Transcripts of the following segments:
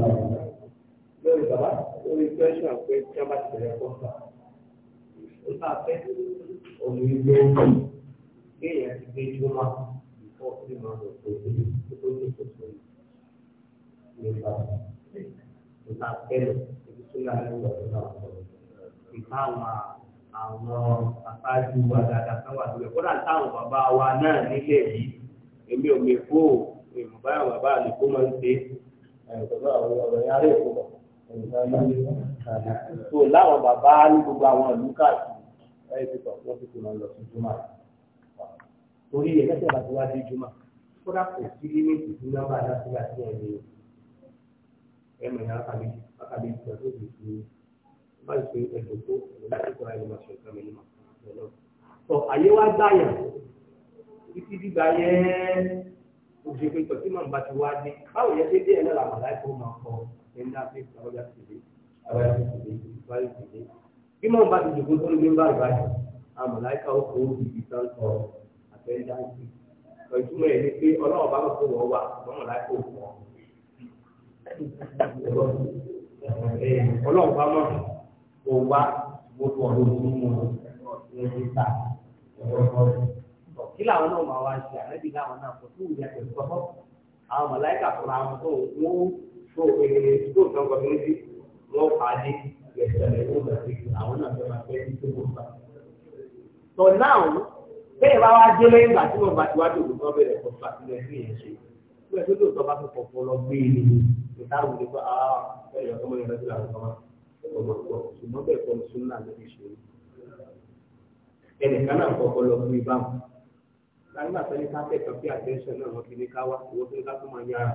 lórí bàbá lórí pẹ́ṣọ̀ pé tí a bá ti bẹ̀rẹ̀ kọ́ fà ó bá fẹ́ òun ilé ọ̀hún kéèyàn ti gbé jùmọ̀ ìfọ́ tí màá lọ sí ojú tó tó ní kòtò ní bàbá ó bá fẹ́ lọ ibi tó yà lọ́wọ́ tó bá wà lọ́wọ́ ìfá àwọn àwọn wa dáadáa kan wà lórí kódà táwọn bàbá wa náà nílẹ̀ yìí èmi ò mi kó èmi báyọ̀ bàbá àlè kó máa ń ṣe é ọ̀rọ̀ yẹn arẹ́ èkó bọ̀ so láwọn bàbá ní gbogbo àwọn ìlú káàkiri ẹ̀yìn pípọ̀ wọ́n ti kùnà lọ sí jùmọ̀ torí ẹ̀ lẹ́sẹ̀ bá ti wá sí jùmọ̀ kódà kò sí límìtì sí nọ́mbà náà sí àti ẹ̀yìn ẹ̀mọ̀ yẹn akábí akábí ìgbà tó ti fi bá ìpè ẹ̀dùn tó ẹ̀dùn láti kọ́ ẹ̀yìn máa ṣe nǹkan mi nímọ̀ ọ̀lọ́. sọ àyè wá gbáyà títí gbígbà yẹn òṣè pé pẹ̀tí màá bá ti wá dé báwo yẹn ṣe dé ẹ̀ náà làwọn aláìkó máa kọ ẹni náà fi ọjà tìlé ọjà tìlé ìfáyé tìlé bí màá bá ti dìbò tó ń gbé bá ìbáyọ̀ àwọn aláìkó kò ó bìbí tán kọ àtẹ̀jáde ìtumọ̀ ẹ̀ ni pé ọlọ́wọ́ bá kó wọ́ wà àwọn aláìkó wọ́ ọlọ́wọ́ bá mọ̀ kó wá gbogbo ọ̀rọ̀ tọ̀ kí làwọn náà máa wá ṣe ànábì láwọn náà kò tún ìyá pẹ̀lú kọ́kọ́ àwọn mọ̀láìkà fúnra wọn tó wọ́n tó èrè tó tán kọ́ lórí wọn pàdé ìgbẹ̀sẹ̀lẹ̀ ó bẹ̀rẹ̀ àwọn náà fẹ́ máa fẹ́ ní tó gbogbo. tọ̀ náà bẹ́ẹ̀ bá wá délé ńgbà tí wọ́n bá ti wá dòdò tó bẹ̀rẹ̀ kọ́ fà sílẹ̀ sí ìyẹn ṣe bí ẹjọ́ tó tọ́ bá tó kọ̀ọ̀kan lọ gbé e nìyí ìtàwọn ah, e ìdíkọ́ lágbà tó ní káfẹ́ kan bí àtẹ́sán náà wọ́n ti ní káwá wọ́n ti ní ká tó máa yára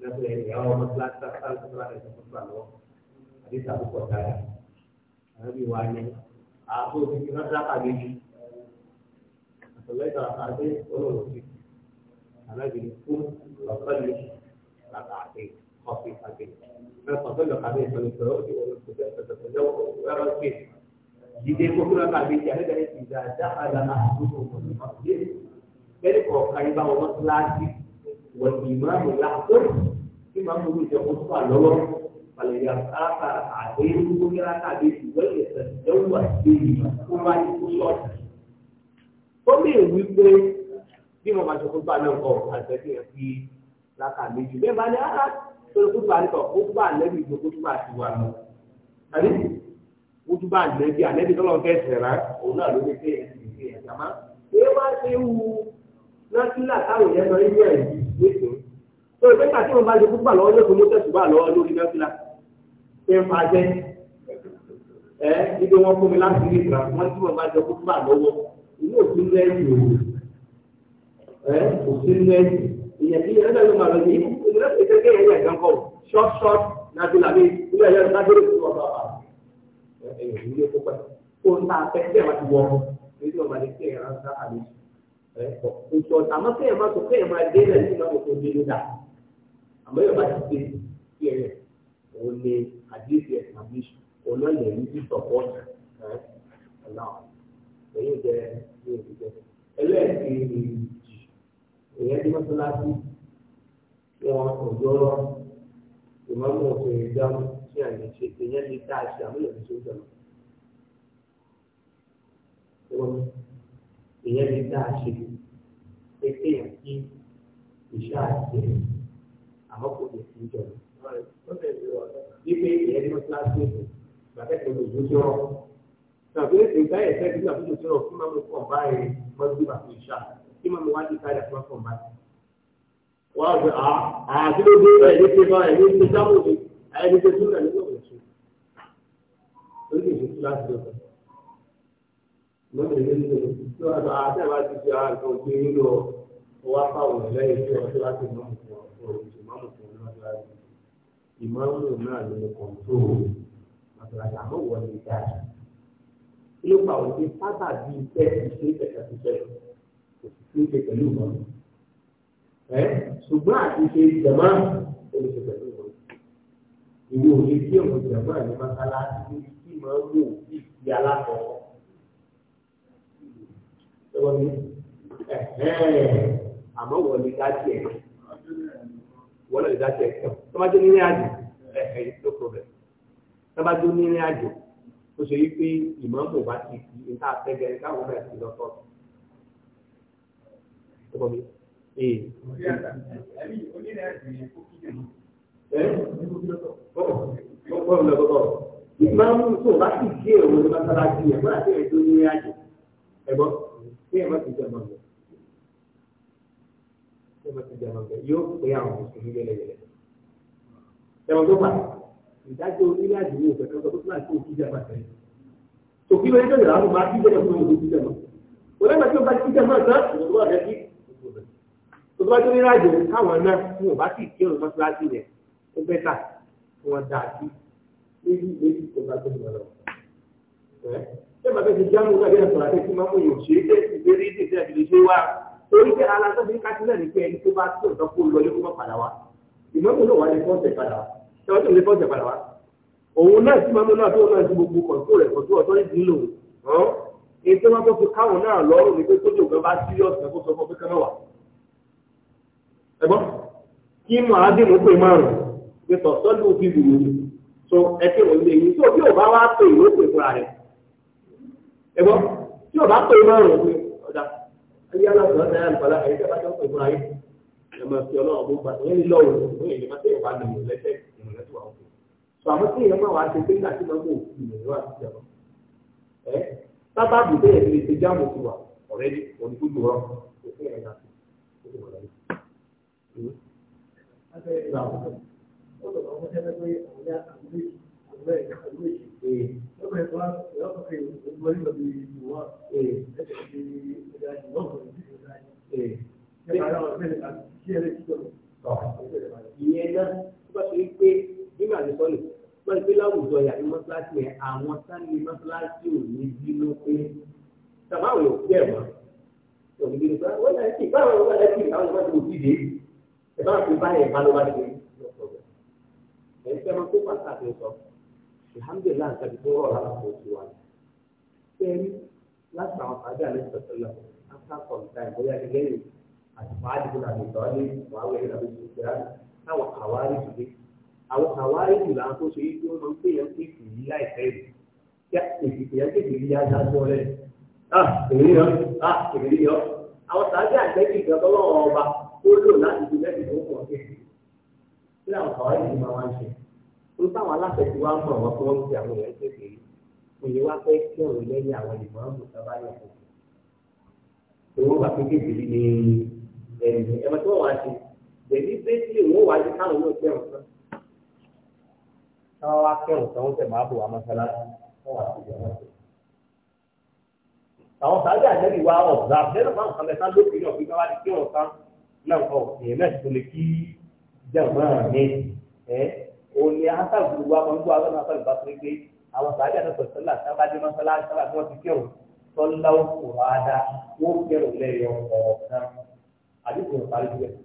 lẹ́sẹ̀ ìyàwó ọmọ kíláàsì sáà tó bá rẹ̀ tó fà lọ́wọ́ àti ìsàkókò dára àbí wà ní àbó òfin náà dáka méjì àtọ̀lẹ́gbà àti olóòtú àlábìrin fún ọ̀pẹ́lẹ̀ làkà àti kọfí àti terus tó lọ kàbí ìsọ̀rọ̀ ìsọ̀rọ̀ òdi wọn kò tẹ̀ tẹ̀tẹ̀ lọ́wọ́ wẹ́rọ̀ sí i. Jide kókó lọ́kà méjì àlẹ́ bẹ́ẹ̀ kọ̀ọ̀kan yìí bá wọn kíláàsì wọ ìmáàmù yàtọ̀ ìmáàmù yìí jẹ́ kótó àlọ́wọ́ balẹ̀yà sáàkà àdéhùn gbogbo kíra káàdé ìwé ìsẹ̀ lọ́wọ́ àti ìmọ̀ wá ní kó sọ̀tù. ó lè wí pé bí mo máa ṣe kótó àlọ́ kọ̀ àtẹ̀síyẹ fi láka méjì bẹ́ẹ̀ bá ní ara ah, ah, tó kótó àlẹ́kọ̀ kótó àlẹ́bí ìgbò kótó àtiwà lọ. àbí kótó bá àlẹ́bí àlẹ́bí náà ló nọ́sílà táwọn èèyàn lọ ilé ẹ̀ yìí nísìnyí tó o nígbà tí mo bá ṣe púpà lọ́wọ́ lóko mo tẹ̀sùn bá lọ́wọ́ lórí nọ́sílà ṣe ń fa jẹ́ ẹ ibi wọn fún mi láti rí ìgbà wọn tí mo bá ṣe púpà lọ́wọ́ ìlú òsín lẹ́yìn òwò ẹ òsín lẹ́yìn ìyẹn bí ẹ̀rọ ló máa lọ sí ìrẹsì kékeré yẹn yẹn kọ́ short short nàbílà bí ilé ẹ̀yẹ lágbèrè fún ọ̀dọ̀ àbá ẹ̀yìn ilé púpà kó ń ta afẹ́ tẹ̀ wá ti wọ ẹ̀kọ́ ìtọ́ àmọ́ kéèyàn máa sọ kéèyàn máa dé náà nígbà tó tóbi ló dà àmọ́ yóò bá ti ṣe kí ẹ̀rẹ̀ òun ni àdéhùn establish olóyè yìí ti sọ̀pọ̀ ẹ̀ ọ̀nà ẹ̀yìn jẹ́ ẹ̀yìn jẹ́ ẹlẹ́ẹ̀kejì ìyẹn tí mọ́sálásí wọn òjò ìmọ̀mọ́ òfin ìdáhùn tí a ṣe ìyẹn lè dá àṣà àmúlẹ̀ tó ń jẹun èèyàn lè dá a ṣe pé kéèyàn kí ìṣá àti ẹ̀ àmọ́ kò lè fi jọ. Wípé ìyẹn ní kíláàsì ètò gbàgbẹ́sẹ̀ ló ló jọ. Tàbí ètò ìgbà yẹn fẹ́ nígbà tó jọ kí máa mú kàn báyìí mọ́tò àti ìṣá kí máa mú wá sí káyà fún ọkàn báyìí. Wọ́n á gbé àti ló dé ẹ̀ ní pé báyìí ní pé sábò ní ẹ̀ ní pé túnbẹ̀ nínú òṣù. Orí ìṣèkú láti lọ́kàn lọ́dọ̀ ilé ní ìlú tó àgbà àti àbá ti fi ara nǹkan gbé yín lọ wá fáwọn lẹ́yìn tí wọ́n ti wá sí ìmọ̀mù fún ọ̀rọ̀ ìmọ̀mù fún ọ̀rọ̀ ìmọ̀mù náà ló ń kọ̀ǹtò àtàlàjà àmọ́ wọ́n lè dá a. kí ló pa òde sábà bíi tẹ́ẹ̀sì ṣe kẹ̀kẹ́ ti fẹ́ kò sí ṣe pẹ̀lú ìmọ̀mù. ẹ ṣùgbọ́n àti ṣe jẹ̀mọ́ pẹ̀lú ìmọ̀mù. ìwé òye kí ọ̀rọ̀ wọ́n ní àmọ́ wọ́n lè dá tiẹ̀ wọ́n lè dá tiẹ̀ kàn tó bá dé nínú àjò no problem tó bá dé nínú àjò tó ṣe yí pé ìmọ̀ọ́mù bá ti fi níta àtẹ́gẹ́rẹ́ káwọn náà ti lọ sọ́ọ̀tù tó bọ́ mi. Ìmáàmù tó bá ti gé òun ní mọ́sálásí ẹ̀ fún àti ẹ̀dọ́ nínú àjò ẹ̀gbọ́n kéèyàn má ti jẹ ọmọ rẹ kéèyàn má ti jẹ ọmọ rẹ yóò pé àwọn mùsùlùmí yẹlẹyẹlẹ ẹ̀wọ̀n tó fà ìdájọ́ onílé àdúgbò ìfẹ̀kẹ́ sọ fún àti òkú jẹ́ àbàtẹ́ òkú lórí tó yàrá máa bí bẹ́ẹ̀ fún òkú jẹ́ mọ́ onígbà tí ó bá ti jẹ́ mọ́ ọ̀sán ìwọ̀n ọ̀rẹ́ bí tó bá tó ní rájò káwọn náà fún ọba sì kí ọ̀rọ̀ mọ́sálásí rẹ̀ ó bẹ́ tà kí wọ́n dá sí méjì méjì tó bá tó ní ọ̀rọ̀ bẹ́ẹ̀ bàbá ti jáàmù tàbí àtọ̀rọ̀ àti ìmọ̀ mú yòó ṣe é tẹ́ ìlérí ní ìṣẹ́ àbílẹ̀ ṣe wá torí pé ara tó fi ń kásí náà ní pé ẹni tó bá tó ìtọ́ kó lọ yóò padà wá ìmọ̀mù náà wà lè fọ́ọ̀tẹ̀ padà wá ṣẹ́wọ́n tó lè fọ́ọ̀tẹ̀ padà wá òun náà sí mọ́mú náà tó náà sí gbogbo kọ̀tó rẹ̀ kọ̀tó ọ̀tọ́ ní ìlú hàn èyí tó wá tó fi káwọn náà lọ́rùn so ẹ̀kẹ́ òun lè yí tó ẹgbọ́ tí ọba pè márùn ún ọ̀dà ayé aláàbò náà náà nìkan láàyè tí a bá jọ pè fúnra yín ẹ máa fi ọlọ́run bó gbà tó yẹn ní lọ́wọ́ òun èyí má tẹ̀yẹ̀ wá lò ó lẹ́sẹ̀ ìrìn lẹ́tọ̀ àwọn òkè tó àmọ́ tí èèyàn máa wá ṣe pé nígbà tí wọ́n mú òkú ìrìn wá sí ìjọba ẹ sábà bù bẹ́ẹ̀ fi ṣe jáàmù ti wà ọ̀rẹ́dì oníkójú rọ òfin ẹ̀yà tó ti wà lẹ́yìn. Ọ̀sẹ̀ ìgbà wọn, ó lọ ìyẹn náà bá ṣe ń pé nígbà tí sọ́nù wọ́n ti pé láwùjọ yà ní mọ́ṣáláṣí yẹn àwọn sáni mọ́ṣáláṣí ò ní bínú pé sàmáwò yóò fi ẹ̀ mọ́ òní bínú pé wọ́n náà ti báwọn ọmọ ẹ̀ ti àwọn ọmọ ti òbí dé ẹ̀ bá wọn ti bá ẹ̀ bá ló bá ti lọ́pọ̀ rẹ̀ ẹ̀ fẹ́ mọ́ tó pàtàkì sọ alhamdulilah nǹkan ti tó rọ̀ lára kò sí wa ni. sẹ́ni láti àwọn àjọ àlẹ́ ìtọ́sílẹ̀ after some time bóyá ní lẹ́yìn àti fàájì tó dàbí ìtọ́ ní wàhálà ìlànà ìṣòro ìgbà táwọn àwárí ìdílé àwọn àwárí ìdílé àwọn tó ṣe yí tí wọ́n máa ń pè yẹn pé kì í láìpẹ́ yìí kí èsìkè yẹn kéde yí adájọ́ rẹ̀ ah èmi yọ ah èmi yọ àwọn sàájà àgbẹ̀kì ìjọba ọlọ́wọ́ ọba ó lò láti fi lẹ́sìn tó pọ̀ kéde kí àwọn àwárí ìdílé máa wá ń ṣe tó táwọn aláṣẹ ti wá mọ̀ wọ́n fún wọn ti àwọn èèyàn kéde òye wá pé kí ọ̀rọ̀ lẹ́yìn àwọn ìmọ̀ ọ̀hún tó bá yẹ kó. owó wà kékeré ní ẹni ẹ̀mọ́ tí wọ́n wá sí bẹ̀bí bẹ́ẹ̀ni òun wá sí káwọn yóò kẹ́rùn tán. táwọn wá kẹ́rùn tán wọ́n tẹ̀ máa bò wá mọ́sálásí wọ́n wá sí ìjọba. àwọn sáré àjẹbí wa ọ̀gá bẹ́ẹ̀ náà máa ń kan mẹ́ta lókè náà fi káwá di kẹ́rùn tán náà kọ̀ èèyàn náà ti tó lè kí jẹ̀mọ́ mi ẹ́ òun ni asa gbogbo wa máa ń gbọ́ àwọn afa ìgbà pé pé àwọn sàájà náà sọ̀tọ̀ là sábà dé mọ́sálá sábà tí wọ́n ti kírun tọ́lá òkú ada wọ́n kírun lẹ́yọ ọ̀ọ̀kan àdìsí ìparí bẹ́ẹ̀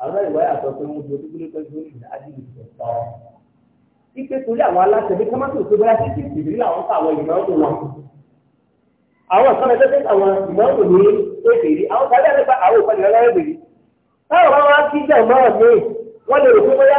àwọn ìwà yàtọ̀ pé wọ́n dojú kúlé pẹ́jú ní àdìsí ìtọ́ ike torí àwọn aláṣẹ bí kámátì òṣèlú bá ti ti ìrírí àwọn fáwọn ìmọ̀ ọ̀dùn wọn àwọn ìsọ̀rọ̀ ẹgbẹ́ àwọn ìmọ̀ ọ̀dùn ní èbèrè àwọn sàájà nípa àwọn ìpàdé ọlọ́rẹ́ bèrè táwọn bá wá kí jẹ́ ìmọ̀ ọ̀dùn wọ́n lè rò pé bóyá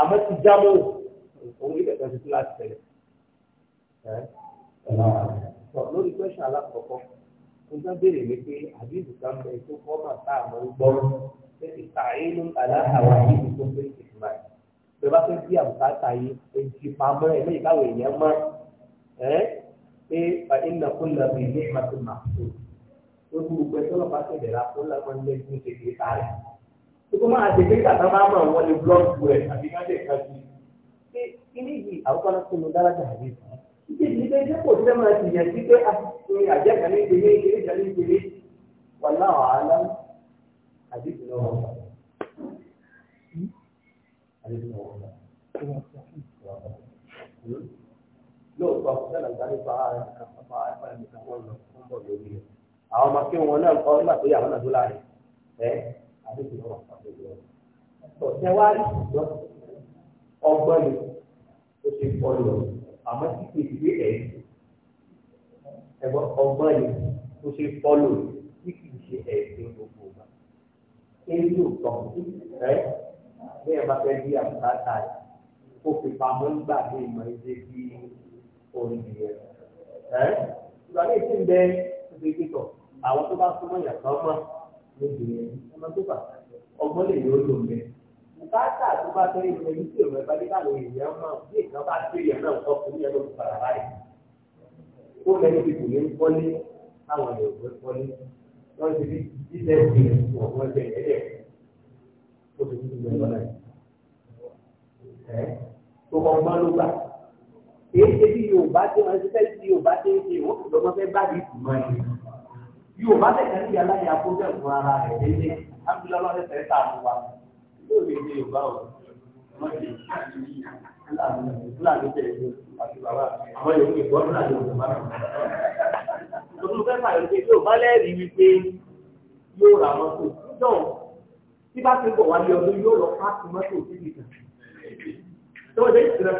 àmọ́ ti jámọ́ òun ní kẹ̀kẹ́ tuntun láti tẹ̀lé. lórí pẹ́ṣẹ̀ alákọ̀ọ́kọ́ mo bá béèrè ní pé àbíbù kan bẹ tó kọ́ mà tá àmọ́ ń gbọ́ ṣé ìtàínú aláhàwá yìí tó fẹ́ ìtìmá ẹ̀ bẹ́ẹ̀ bá fẹ́ bí àbùkátà yìí èjì pamọ́ ẹ̀ lẹ́yìn káwọn èèyàn mọ́ ẹ́ pé ìnà kúnlẹ̀ bíi ní ìmọ̀tò màkúrò ó dúró pẹ́ tọ́lọ́pàá tẹ̀lé ra kúnlẹ̀ mọ́ ní ẹgbẹ́ tètè tààrà tó máa ṣe pé kàtà máa mọ̀ wọ́n lè blọ́ọ̀kù rẹ̀ àbí má lè ka sí i. ilé yìí àwùjọ náà kún un dáradà àbí. ìdí ìdí pé ṣé kò tẹ́ máa tìyàn sí pé àjẹ́ kan ní ìdílé ìdílé kan ní ìdílé wà náà àlá àbí ìdílé wọn wà. lóòótọ́ sẹ́nà ìdáni fara rẹ̀ fara rẹ̀ fara rẹ̀ fún bọ̀ lórí rẹ̀ àwọn ọmọ kí wọn náà kọ́ nígbà tó yà náà tó láàrin àdéhùn lọ́wọ́ àpapọ̀ ọ̀tẹ̀ wá rí ìjọ ọgbọ́n ni ó ṣe pọ̀ lọ àmọ́ tí kì í gbé ẹ̀ ẹ̀gbọ́n ọgbọ́n ni ó ṣe pọ̀ lọ tí kì í ṣe ẹ̀ ṣe gbogbo ọgbà èyí ò tọ̀ ẹ́ bẹ́ẹ̀ bá fẹ́ bí àbúkátà yìí kó fi pamọ́ nígbà ní ìmọ̀ ẹ̀ṣẹ̀ bí orin yẹn ẹ́ ìgbà ní ìsìn bẹ́ẹ̀ ó ṣe tọ̀ àwọn tó bá súnmọ́ ìyàtọ̀ mọ́ obìnrin ọmọ tó bà ọgbọ́n lè yọ lò mẹ́. bùkátà tó bá fẹ́ ìlú ẹni tí òun ẹgbẹ́ nígbà lóye ìyá ọmọ bí ìkan bá tó yẹ náà sọ fún yẹn lóko padà báyìí. ó lẹ́nu ti kò ní ń kọ́lé táwọn èrò ń kọ́lé wọ́n ti rí jíjẹ́ ìpìlẹ̀ fún ọ̀gbọ́n jẹ ẹ̀ẹ́dẹ̀ ó ti tún gbẹ lọ́la yìí. tó ọgbọ́n ló gbà èyí ṣe bí Yorùbá tí wọ́n ti fẹ́ yóò bá tẹ̀lé ní aláyẹ akóbẹ̀ fún ara rẹ̀ lélẹ̀ ábúlé ọlọ́dẹ tẹ̀lé tà mú wa yóò lè dé yorùbá o lọ́dẹ fúlàní tẹ̀lé àti bàbá àwọn yòókù ìgbọ́ fúlàní òkú bá tẹ̀lé. olùkọ́ fẹ́fà yóò pé yóò bá lẹ́rìí wípé yóò rà mọ́tò náà tí bá ti bọ̀ wálé ọdún yóò lọ pàtó mọ́tò síbi kan. tó o lè jìnnà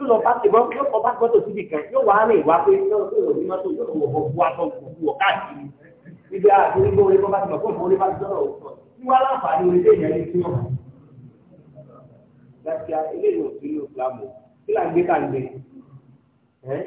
yóò lọ bá tìbọn yóò kọ bá gbọ́dọ̀ síbi kan yóò wá rìn wá pé yóò lọ ní mọ́tò yóò wọ bọ bu aṣọ òkú wọ káàkiri níbi àti níbo orí bọ́ba ti mọ̀ fún orí bá ti dọ́rọ̀ òkú ní wàá láǹfààní orí lè yẹn ní tí wọ́n. gbàtíà eléyìí ò sí ní ìsìlámù kí là ń gbé kàǹgbé ẹ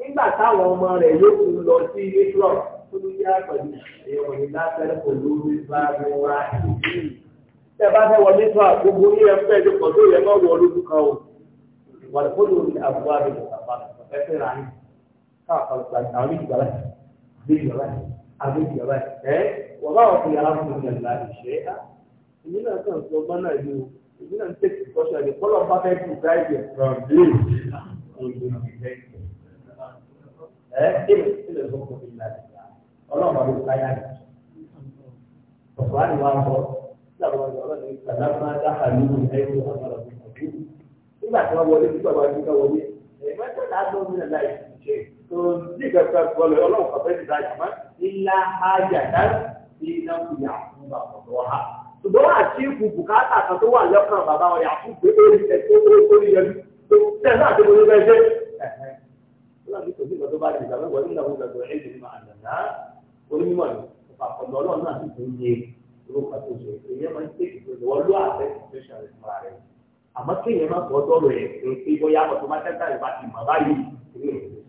nígbà táwọn ọmọ rẹ̀ yóò lọ sí israel tó ló yá pẹ̀lú èèyàn ní láfẹ́ pẹ̀lú bá mi wá. tẹ bá fẹ́ wọ nípa gbogbo ní ẹ fẹ́ jọ pọ̀ tó yẹ mọ́ wọ lójú kan o wà lóko ló ní àbúrò àbí bàbá ẹ fẹ́ ra ní káàkiri gbàgbé àwọn méjì bàbá méjì bàbá àwọn méjì bàbá ẹ wọ́n bá wọn fi yàrá fún mi lẹ́la ìṣe á èmi náà kàn sọ ọgbọ́n náà ni o èmi náà ń tẹ̀sí kọ́ṣọ́ ẹ̀ kọ́lọ́ bá fẹ́ kú gáìdì ẹ̀ ẹ kí lè fún kò ìlà ìlà ọlọ́run ló ká yára ọ̀pọ̀ àti wà bọ̀ láwọn ọlọ́run ìgbàlá máa dáhà nínú ẹ̀rọ àmàlà tó kọ̀ bí nígbà tí wọ́n wọlé tí bàbá mi ká wọlé ẹ̀gbẹ́ tó náà tó ní ẹ̀la ìṣe tó ní ìgbàgbọ́ gbọ́lẹ̀ ọlọ́run kọ̀ọ̀fẹ́ ti dájà mọ́ ilá ajá dá iná kù yà fún bàbá wọn ha ṣùgbọ́n wà sí ikú bùkátà lọ́kàn bàbá wọn fún pé ó rí ẹ̀ tó ó rí ẹ̀ tó tẹ̀ náà tó láti kò sí ìgbà tó bá rẹ̀ ìjàmbá wọlé ìlànà ìgbà tó rẹ̀ ìdí máa nà ná onímọ̀ ni ọ̀pọ̀ ọlọ́run náà sì tún yé orúkọ tó ṣe èyí máa ń tètè tó ṣe wọ́n ló àbẹ́ situation rẹ̀ fún ààrẹ àmọ́ kéèyàn máa bọ́ dọ́rọ̀ ẹ̀ pé pé máa tẹ́tà ìbá ti mọ̀ báyìí ìwé ìwé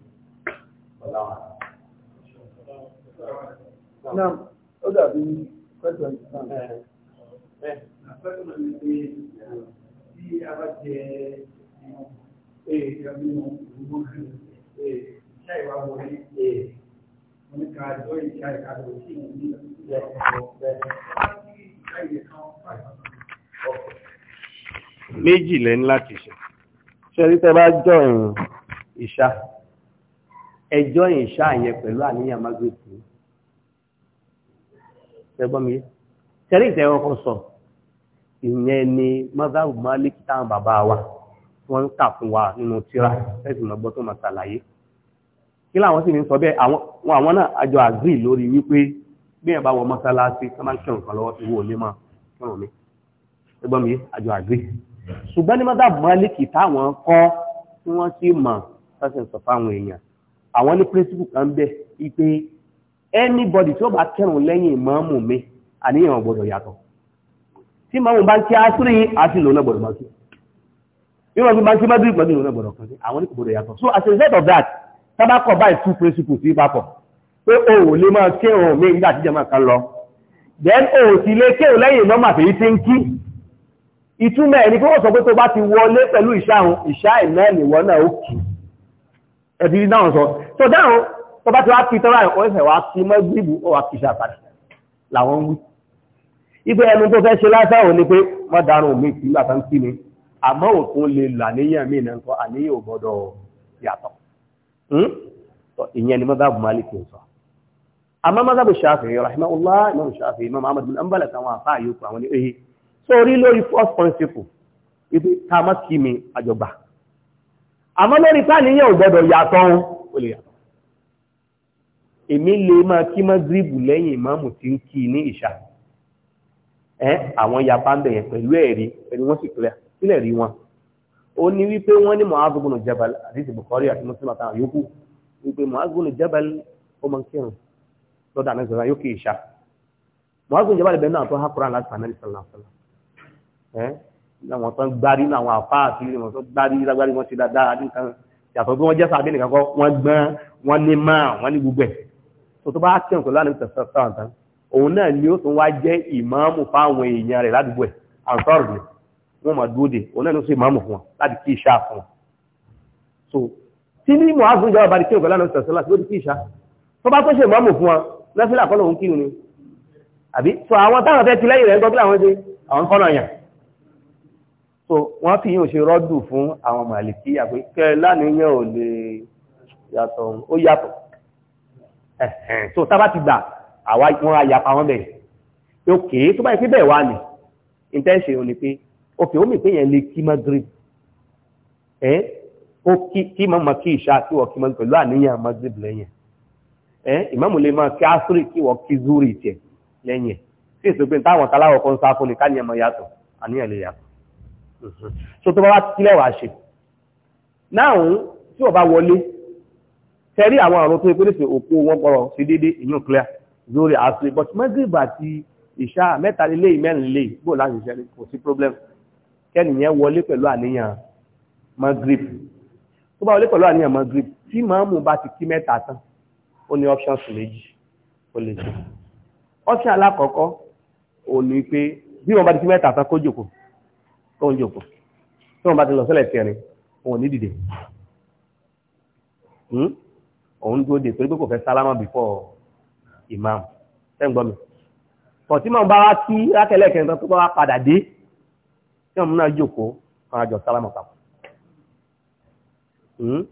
ọ̀làwà. náà ó dàbí pẹ́tọ̀ ìsàn. Eh, ṣá ìwà wọlé wọn eh, ní ká jọ ìṣá ìkàdé òsì ní ìlú ọ̀pọ̀ méjì lẹ́ ní láti ṣe ṣẹ́rí tẹ́ bá jọyìn ìṣá ẹjọ́ ìṣá yẹn pẹ̀lú àníyàn magbèsì ṣẹgbọ́n mi ṣẹ́rí ìtẹ́ ọkọ̀ sọ ìyẹn ni mọ́sáàbù Málíkì táwọn bàbá wa wọ́n ń kà fún wa nínú tírà ẹ̀sìn ọgbọ́n tó máa ṣàlàyé kí láwọn sì ní sọ bẹ́ẹ̀ àwọn náà àjọ àgbì lórí wípé bí ẹ̀bá wọ mọ́sálásí sọ́mọ́ kí ọ̀nkan lọ́wọ́ ìwò onímọ̀ kírùn mi ẹgbọ́n mi àjọ àgbì ṣùgbọ́n ní mọ́tà mọ́líkì táwọn kọ́ tí wọ́n sì mọ̀ sọ́sẹ̀ sọ fáwọn èèyàn àwọn ní píríncípù kan bẹ̀ wípé anybody tí ó bá kírun lẹ́yìn ìmọ̀ọ́mù mi àníyàn gbọ́dọ̀ yàtọ̀ tí mọ̀ọ́mù bá ń kí àṣírí àti ìlò náà gbọ́dọ̀ máa kí bí wọ́n fi bá ń kí so as a result of that tábàkọ̀ báyìí two principles sí papọ̀ pé o ò lè máa ké òun mi nígbà tí jẹ́mọ̀ kan lọ then o ò sì lè ké òun lẹ́yìn nọ́mbà tèyí tí ń kí ìtumọ̀ ẹ̀ ni pé wọ́n sọ pé tó bá ti wọlé pẹ̀lú ìṣáhun ìṣá ìná ìwọ náà ó kì ẹ̀bí náà sọ tó dáhùn tó bá ti wá kí tọ́lá ìwọ ìfẹ̀ wá kí mọ́ gbígbù ó wá kí iṣẹ́ àpàdé làwọn ń wí ibi ẹnu tó fẹ́ ṣe lásán ò ní pé wọ́n darun àmọ́ òkun lè là níyàn mí náà kọ́ àníyàn ò yàtọ̀ Hmm? ìyẹn ni mọ́sáàbù Málíkì sọ àmọ́ mọ́sáàbù Ṣáfi'í rahimahullah imam Ṣáfi'í imam Ahmad bin Hanbal àtàwọn àfáà yòókù àwọn ní ehe sórí lórí first principle ibi tá a kí mi àjọgbà àmọ́ lórí pàníyàn ò yàtọ̀ kí lẹ́yìn n'i ó ní wípé wọ́n ní Mu'adh ibn Jabal àdìsí Bukhari àti Muslim àtàwọn yòókù wípé Mu'adh Jabal ó máa ń kírun lọ́dọ̀ àná ìṣẹ̀lá yóò kí ìṣá Mu'adh ibn Jabal bẹ̀rẹ̀ náà tó há Kùránì láti àná ẹ́ tó ń gbárí ní àwọn àti wọn tó gbárí lágbárí wọn ti dáadáa nìkan yàtọ̀ bí wọ́n jẹ́ sábẹ́ nìkan kọ́ wọ́n gbọ́n wọ́n ní gbogbo ẹ̀ wọ́n máa dúró dè òun náà ló ṣe fún wọn láti kí ìṣá fún wọn. so tí ní mọ̀háfù ìjọba bá di kí ògbẹ́lá náà sọ̀sọ́ láti lórí kí ìṣá tó bá tó ṣe máàmù fún wọn lọ́sílẹ̀ àkọ́lọ̀ òun kírun àbí so àwọn táwọn fẹ́ ti lẹ́yìn rẹ̀ ń gbọ́ kí ṣe àwọn kọ́nà yàn so wọ́n fi yíò ṣe rọ́dù fún àwọn màlìkí àpé kẹ́ lánìyàn ò lè yàtọ̀ ó yàtọ̀ ẹ̀hẹ̀n so tábà ti gbà àwa wọn ayapa wọn bẹ̀rẹ̀ yóò kéé tó báyìí pé bẹ́ẹ̀ wà ní intention ò pé ok ó mì pé yẹn lè kí magrib ẹ ó kí kí máa ma kí ìṣá kí wọ́n kí magrib pẹ̀lú àníyàn magrib lẹ́yìn ẹ ìmáàmù lè máa kí asúrì kí wọ́n kí zúrì tiẹ̀ lẹ́yìn sí ìsopin táwọn taláwọ̀ kan sá fún ni ká ní ẹmọ yàtọ̀ àníyàn lè yàtọ̀ so tó bá wá kílẹ̀ wàá ṣe náà tí wọ́n bá wọlé tẹ́rí àwọn àrùn tó pé nífẹ̀ẹ́ òkú wọn gbọ́rọ̀ sí dédé inú clear lórí àṣírí but magrib àti ìṣá mẹ́ta lélẹ́yìn mẹ́rin lélẹ́yìn bó láti ṣẹlẹ̀ kò sí problem kẹ́nìyàn wọlé pẹ̀lú àníyàn magrib tó bá wọlé pẹ̀lú àníyàn magrib tí màámù bá ti kí mẹ́ta tán ó ní options méjì ó lè jù option alákọ̀ọ́kọ́ ò ní pé bí wọ́n bá ti kí mẹ́ta tán kó jòkó tó ń jòkó tí wọ́n bá ti lọ sílẹ̀ kẹrin òun ní dìde hmm? òun dúró dè torí pé kò fẹ́ sálámà before imam ṣé ń gbọ́ mi tọ̀tí màá bá wá kí rákẹ́lẹ́ kẹrin tó bá wá padà dé kí wọn náà jókòó kan àjọ sálámà papọ̀ hmm?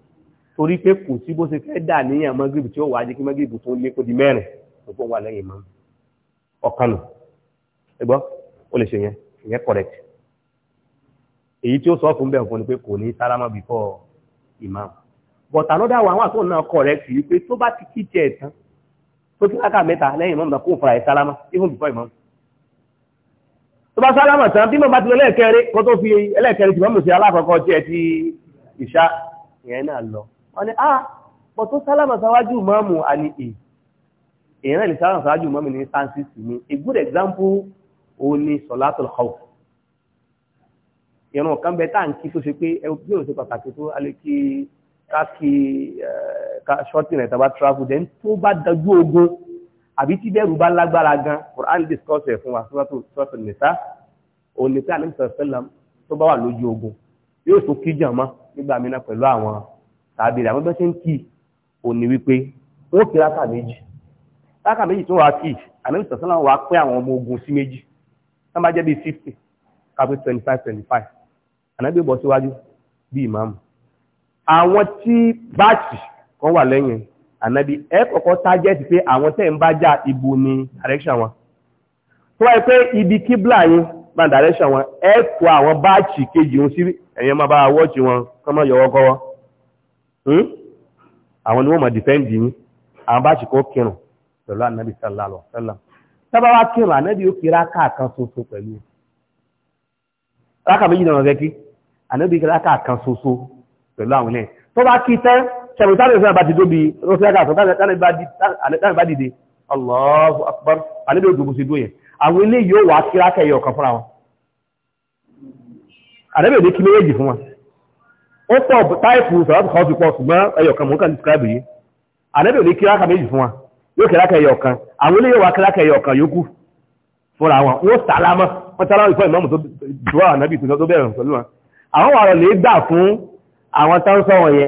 torí pé kò sí bó ṣe fẹ́ dà níyàn mọ́gìrìbù tí ó wà jẹ́ kí mọ́gìrìbù tó lé kó di mẹ́rin gbogbo wà lẹ́yìn mọ́ ọ̀kanù ẹgbọ́ ó lè ṣe yẹn ìyẹn correct ni pé kò imam náà correct yìí pé tó bá ti kí tó ti mẹ́ta lẹ́yìn mọ́ tó bá sálámà tán bí màmá ti lọ lẹ́ẹ̀kẹ́rẹ́ kó tó fi ẹlẹ́ẹ̀kẹ́rẹ́ tí mọ́mù sí alákọ̀ọ́kọ́ tí ẹ ti ìṣá ìyẹn náà lọ wọ́n ni ah pọ̀ tó sálámà sáwájú mọ́mù àní è èèyàn lè sálámà sáwájú mọ́mù ní sáńsì sí ni a good example òun ni sọ̀látùl khawf ìran kan bẹ tá àbí tí bẹ́ẹ̀rù bá lágbára gan Quran discuss ẹ̀ fún wa sọ́tò sọ́tò nìta òun ni pé àlẹ́ sọ̀rọ̀ sẹ́lẹ̀m tó bá wà lójú ogun yóò tó kí jàmá nígbà mìíràn pẹ̀lú àwọn tàbí àwọn bẹ́ẹ̀ ṣe ń kì ò ní wípé wọ́n kí rákà méjì rákà méjì tó wà kì àlẹ́ sọ̀rọ̀ wà pé àwọn ọmọ ogun sí méjì tá bá jẹ́ bíi fifty kápẹ́ twenty five twenty five ànágbé bọ́ síwájú bíi ìmáàmù àwọn tí báàtì kan wà lẹ́yìn ànábì ẹ kọ́kọ́ tájẹ́tì pé àwọn tẹ́ ń bá já ibo ni direction wọn tó wáyé pé ibi kíblà yín bá direction wọn ẹ kọ àwọn báàchì kejì ohun sí ẹ̀yẹn máa bá wọ́ọ̀chì wọn kọ́mọ yọwọ́ kọ́wọ́ hmm? àwọn ni wọ́n mọ̀ dìfẹ́ǹdì yín àwọn báàchì kọ́ kírun pẹ̀lú ànábì sallallahu alaihi wasallam tábà wá kírun ànábì ó kira káàkan ṣoṣo pẹ̀lú rákà méjì náà rẹ̀ kí ànábì kira káàkan ṣoṣo pẹ̀lú àwọn ẹ̀ sẹ̀rù tánà ìfẹ́ àbá ti tóbi rọ́sílágà sọ tánà ìbá dìde Allahu Akbar alébé ògbògbò sí dóyẹ̀ àwọn ilé yóò wà kíráka ẹyọ ọ̀kan fúnra wọn alébé ní kí méjì fún wọn ó pọ̀ táìpù sọ̀rọ̀ kan ti pọ̀ ṣùgbọ́n ẹyọ kan mú kàn describe yìí alébé ní kíráka méjì fún wọn yóò kíráka ẹyọ ọ̀kan àwọn ilé yóò wà kíráka ẹyọ ọ̀kan yókù fúnra wọn wọ́n sàlámà wọ́n sàlámà ìfọ́ ìmọ̀mù tó dùwà nàbì tó bẹ̀rẹ̀ pẹ̀lú wọn àwọn wàrọ̀ lè gbà fún àwọn táwọn sọ̀rọ̀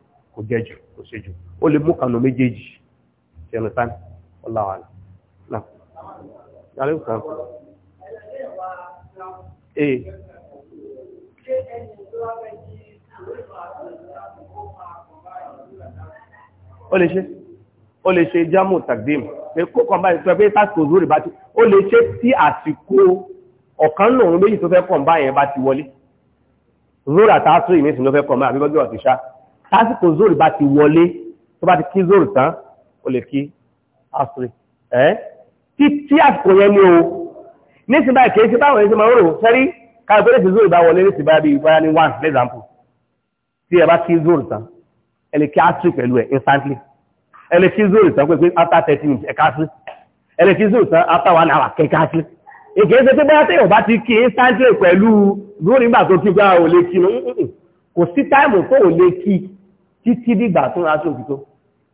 kò jẹ́ jù kò ṣe jù ó lè mú kànú méjèèjì ṣẹ̀nù tán ọláwà náà. Yàrá ìkọ̀ ọ̀kọ̀. Ee. Ó lè ṣe ó lè ṣe jámù tàgbìm pé kó kàn báyìí pé tásìkò zúrì bá ti ó lè ṣe tí àsìkò ọ̀kan lòun méjì tó fẹ́ kàn báyìí bá ti wọlé zúrà tásìkò ìmísìn ló fẹ́ kàn máa àbíbọ́gbé ọ̀tíṣá tásìkò zoro bá ti wọlé tó bá ti kí zoro tán o lè kí asiri ẹ́ tí tí àsìkò yẹn ní o nísìn báyìí kìí sí báwọn ẹ̀sìn máa ń rò sẹ́rí káàkiri pé nísìn zoro bá wọlé nísìn báyìí bíi ní one for example tí ẹ bá kí zoro tán ẹ lè kí asiri pẹ̀lú ẹ instantly ẹ lè kí zoro tán pé after thirty minutes ẹ ká sí ẹ lè kí zoro tán after one hour kẹ ká sí ìkìí ṣe pé báyà tẹ́yọ̀ bá ti kí instantly pẹ̀lú zoro nígbà tó kí gbá ò lè kí kò sí táìmù tó ò lè kí títí dìgbà tó ra sófin tó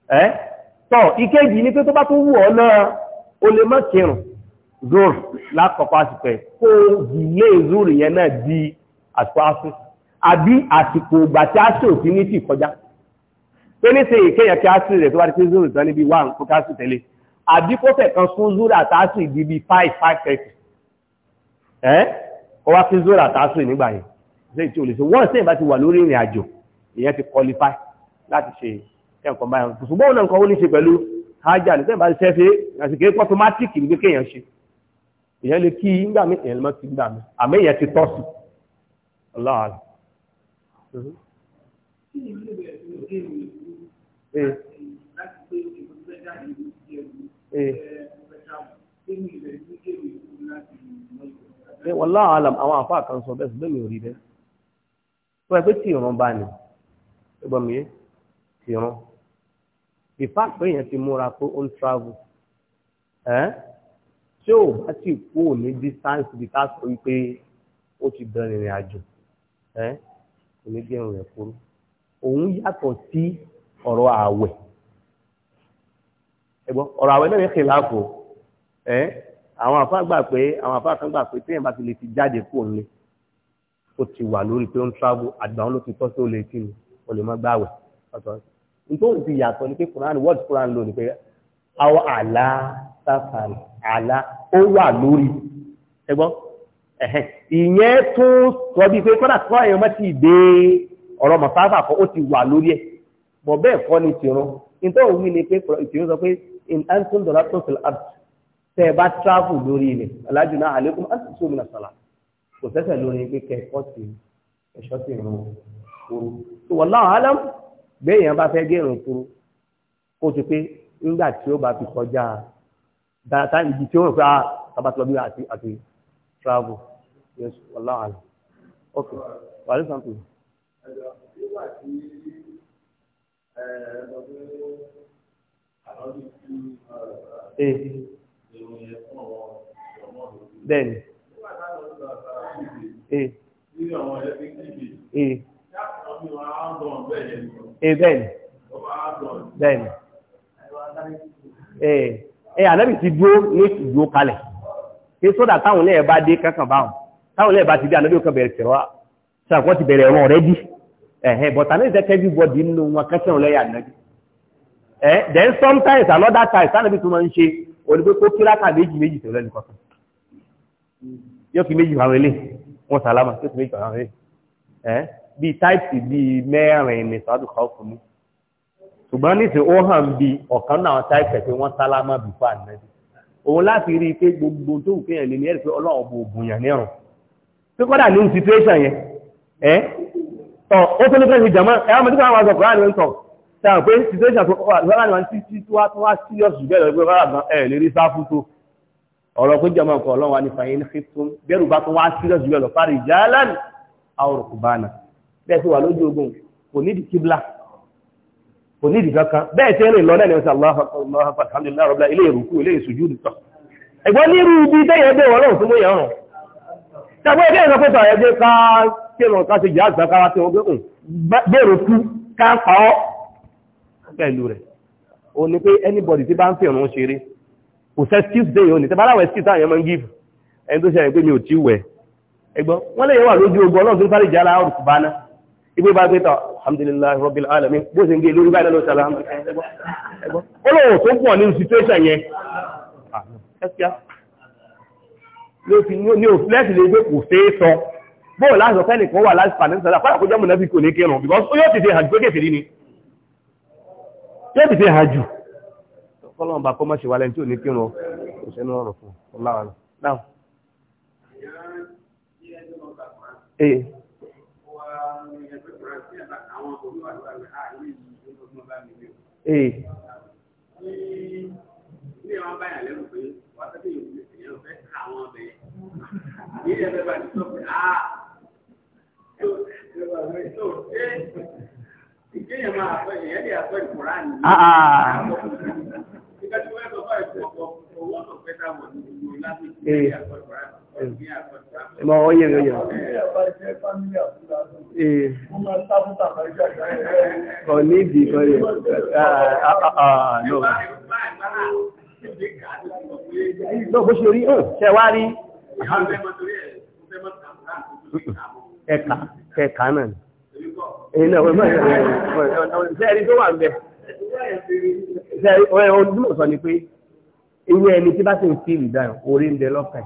ẹ́ tọ́ ìkejì ní pé tó bá tó wù ọ́ náà o lè má kírun zoro lákọ̀ọ́kọ́ àsìkò ẹ̀ kó ilé zoro yẹn náà di àsìkò asùn àbí àsìkò ìgbà tí asòfin ní ti kọjá pé ní sèyí kéèyàn kí asùn rẹ̀ tó bá ti pé zoro tán níbi one kó kí asùn àbí kó fẹ̀ kan fún zoro àtàsùn ìdí bíi five five thirty ẹ́ kó wá sí zoro àtàsùn nígbà yẹn lẹ́yìn tí o lè ṣe wọ́n bá ti wà lórí ìrìn àjò ìyẹn ti qualify láti ṣe ẹ̀kọ́ báyọ̀ ṣùgbọ́n náà nǹkan ó ní ṣe pẹ̀lú hajj ní sẹ́yìn bá ṣiṣẹ́ ṣe àsìkò epo automatic ní kéèyàn ṣe èèyàn lè kí ngbà mí èèyàn lọ́ọ́ ti gbà mí àmọ́ èèyàn ti tọ́ sí ọlọ́run. Ṣé wọ́n láwọn àlàm àwọn àfáà kan sọ bẹ́ẹ̀ sí bẹ́ẹ̀ mi ò rí bẹ́ẹ̀. Wọ́n ẹ tí ìrànba ni, ẹ mi yé ìrun ìfá pé èèyàn ti múra pé ó ń travel ẹ tí ò bá sì kú ní distance bí ká sọ wípé ó ti bẹ̀rẹ̀ ìrìn àjò ẹ kò ní gẹrun rẹ̀ kúrú òun yàtọ̀ sí ọ̀rọ̀ ààwẹ̀ ẹ̀gbọ́n ọ̀rọ̀ ààwẹ̀ náà ní kìláàfù ẹ àwọn àfa gbà pé àwọn àfa kan gbà pé téèyàn bá ti lè ti jáde kúrò nílé ó ti wà lórí pé ó ń travel àgbà wọn ló ti tọ́ sí ó lè kí ni ó lè má gbààwẹ̀ ọ̀tọ̀ ọ̀tọ̀ nítorí ti yàtọ̀ ni pé Quran word Quran lò ní pé àwọn àlá sáfàrì àlá ó wà lórí ẹgbọ́n ẹ̀hẹ́n ìyẹn tó sọ bí pé kọ́nà kọ́ ẹ̀yọ́ mọ́ ti dé ọ̀rọ̀ mọ̀sáfà kọ́ ó ti wà lórí ẹ̀ bọ̀ bẹ́ẹ̀ kọ́ ni tìrún nítorí wí ni pé ìtìrún sọ pé in anton dọ̀lá tó fi àt tẹ́ ẹ bá travel lórí ilẹ̀ alájú náà àlékún àti tí omi nà sàlà kò sẹ́sẹ̀ lórí pé kẹ́kọ́ ti ẹ̀ṣọ́ ti rún oru. wàlláhùn alámù béèyàn bá fẹ́ gẹ̀rùn kúrú ó ti pé nígbà tí ó bá fi kọjá dáadáa ibi tí ó rò pé ah, a tabatọ́ bí àti àti travel yes wallah alam ok wàhálà sàǹpù. nígbà eh. tí ẹ bẹ́ẹ̀ni. nígbà àwọn ẹbí kíbi. Eh, bẹ́ẹ̀ni bẹ́ẹ̀ni ẹ eh, eh, ànábì ti dúró ní ìdúró kalẹ̀ pé sódà táwọn náà bá dé kankan báwọn táwọn náà bá ti dé ànábì kan bẹ̀rẹ̀ tẹ̀rọ sàkọ́ ti bẹ̀rẹ̀ ẹ̀wọ̀n rẹ̀ dí ẹ̀hẹ́ bọ̀tà náà ìtẹ́kẹ́ bí bọ́dì nínú wọn kẹ́sàn-án lẹ́yà ànábì ẹ̀ then sometimes another time sànábì tó máa ń ṣe olùgbé kó kíláka méjì méjì tẹ̀lé nìkan kan yóò fi méjì wà wọlé wọn sàlámà yóò fi méjì wà wọlé ẹ̀ bí táìpì bí mẹ́rin ní sọ́dún kan fún mi ṣùgbọ́n níṣẹ́ ó hàn bí ọ̀kan náà táìpì pé wọ́n sálámà bí fún ànẹ́bí òun láti rí i pé gbogbo tó wù kéèyàn lè ní ẹ̀rí pé ọlọ́run bò ògùn yàn ní ẹ̀rùn tí kọ́dà ní situation yẹn ẹ́ tọ́ ó tó ní fẹ́ ṣe jàmọ́ ẹ̀rọ mi tí wọ́n wá sọ kúrò àníwọ̀n tọ̀ sáà pé situation tó wà lọ́wọ́ àníwọ̀n tí tí tó wá tó wá serious jù bẹ́ẹ̀ lọ ọ̀rọ̀ pé jàmọ́ ọkọ̀ ọlọ́run wá ní fàyín ní fífún bẹ́rù bá tó wá serious jù bẹ́ẹ̀ lọ fárí jálán àwọn òkú bá náà bẹ́ẹ̀ sì wà lójú ogun kò nídìí kíbla kò nídìí kankan bẹ́ẹ̀ tí ẹ̀rìn lọ́nà ìrìnṣẹ́ aláhàfàdàmìlárọ̀bá ilé ìrùkú ilé ìṣújú nìkan ẹ̀gbọ́n nírú ibi tẹ́yẹ bẹ́ẹ̀ wọ́n lọ́rùn tó mọ́ ìyàrùn tàbí ẹgbẹ́ ìrọ̀pẹ́ta ẹgbẹ́ ká kírun ká ti jẹ́ àgbà kára ní pé anybody tí bá ń fìrún ṣeré kò sẹ́ steve day òní tẹ́bá láwọn steve táwọn ẹmọ́ ń gífù ẹni tó ṣe ẹgbẹ́ mi ò tí wẹ̀ ẹgbọ́n wọ́n lè wà lójú ogun ọlọ́run tó ń sáré jẹ́ aláwọ̀ kùbánà ibi bá gbé tọ alhamdulilayi rabbil alamin bó ṣe ń gé lórí báyìí lọ́sọ̀rọ̀ olóòwò tó pọ̀ nínú situation yẹn ah, lẹ́sì lè gbé kò fẹ́ sọ bóò láàrín ọ̀fẹ́ nìkan wà láti pàdé sọ́lá pàdà kó jẹ́ mọ̀lẹ́bí kò ní kírun because ó yóò ti fi hàjù kéèkè rí ni yóò ti fi hàjù kọ́lọ̀n bá kọ́ mọ́ ṣe wà lẹ́ni tí ò ní kírun kò sẹ́nu ọ̀rọ̀ fún ọláwà náà ee. Eh. Ah. ah. Eh ẹ máa wọ́n yẹ̀rẹ̀ yẹ̀rẹ̀ ọ̀ ní ìdí kan rẹ̀ náà bó ṣe rí ọ̀ ṣẹ wá rí ẹ̀ka ẹ̀ka náà ni èyí náà wọ́n máa ṣe ẹni tó wà ń bẹ̀ ṣe ọ̀rẹ́ ọdún mọ̀sán ni pé ilé ẹni tí bá sì ń fi ìdáyọ̀ orí ń bẹ lọ́kàn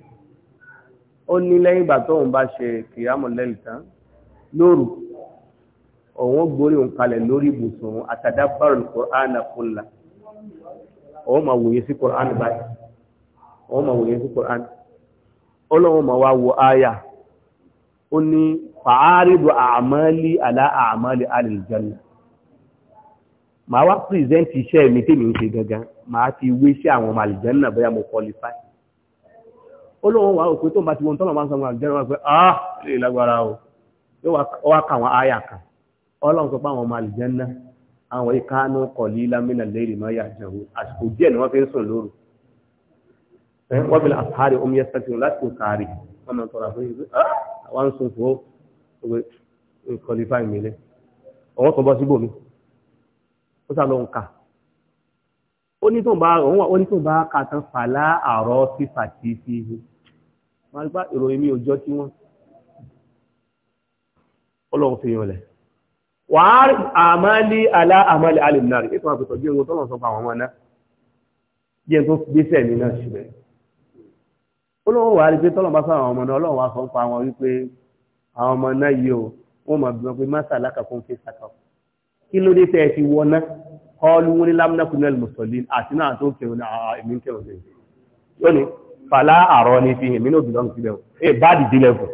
ó ní lẹ́yìn ìgbà tóun bá ṣe kìyàmù lẹ́yìn tán lóru òun gbórí òun kalẹ̀ lórí ibùsùn àtàdábàrù kòránà kùlà òun máa wòye sí kòránà báyìí òun máa wòye sí kòránà ọlọ́run máa wá wo áyà ó ní fàárídù àmàlì àlá àmàlì àlìjọ́nà màá wá pírìsẹ́ǹtì iṣẹ́ mi tèmi ń ṣe gangan màá fi wé sí àwọn ọmọ àlìjọ́nà bóyá mo qualify olóhùn wa òpin tó ń bá ti wọn tọ́lọ̀ máa ń sọmọ àjẹrọ wọn pé ah lè lágbára o yóò wá kà wọn àyà kan ọlọ́run sọ pé àwọn ọmọ àlìjẹ́nà àwọn ìkánú kọ̀lí lámìnà lẹ́rìí máa yà jẹun àsìkò díẹ̀ ni wọ́n fi ń sùn lóru wọ́n fi àpárí omi ẹsẹ̀ tí láti kò sáré wọ́n máa tọ́ra fún yìí àwọn ń sùn fún òwe ìkọlifáì mi lé ọwọ́ kan bọ́ síbò mi ó sá lọ ń tán fàlà àrọ́ fífà tí fi hù máa rí pa ìròyìn mi ò jọ tí wọ́n ọlọ́run fi yàn lẹ̀ wàárí àmàlí alá àmàlí alìmìnàrí ètò àpẹtọ̀ jẹ́ ohun tọ́lọ̀ sọ pa àwọn ọmọ náà jẹ́ tó gbéṣẹ̀ mi náà síbẹ̀ ọlọ́run wàá rí pé tọ́lọ̀ bá sọ àwọn ọmọ náà ọlọ́run wàá sọ pa àwọn wípé àwọn ọmọ náà yìí o wọ́n máa bí wọn pé mọ́sà alákàkọ́ ń fi sàkà kí ló dé tẹ́ ẹ fi wọ́n náà kọ́ ló wọ́n ní fàlá àrọ ní fi èmi náà bìlọ́nù síbẹ̀ ẹ̀ bá dìdí lẹ́fù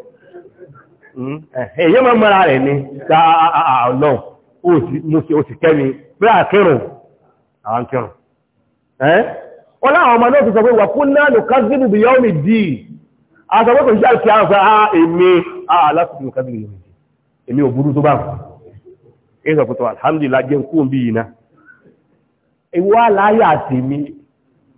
èyí mọ́ mọ́ra rẹ̀ ni dáàlọ́ ó sì kẹ́mi pé àkírùn àwọn kírùn wọ́n láwọn ọmọ náà ti sọ pé wà fún náà ló kásìlù bí yọ́ mi dì àtọ́gbọ́ kò ṣáà kí àwọn èmi aláàtùkù ló kásìlù yọ́ mi dì èmi ò burú tó bá wọn èyí sọ pé tó alhamdulillah jẹun kúrò bí yìí ná ìwọ́ aláyà àti mi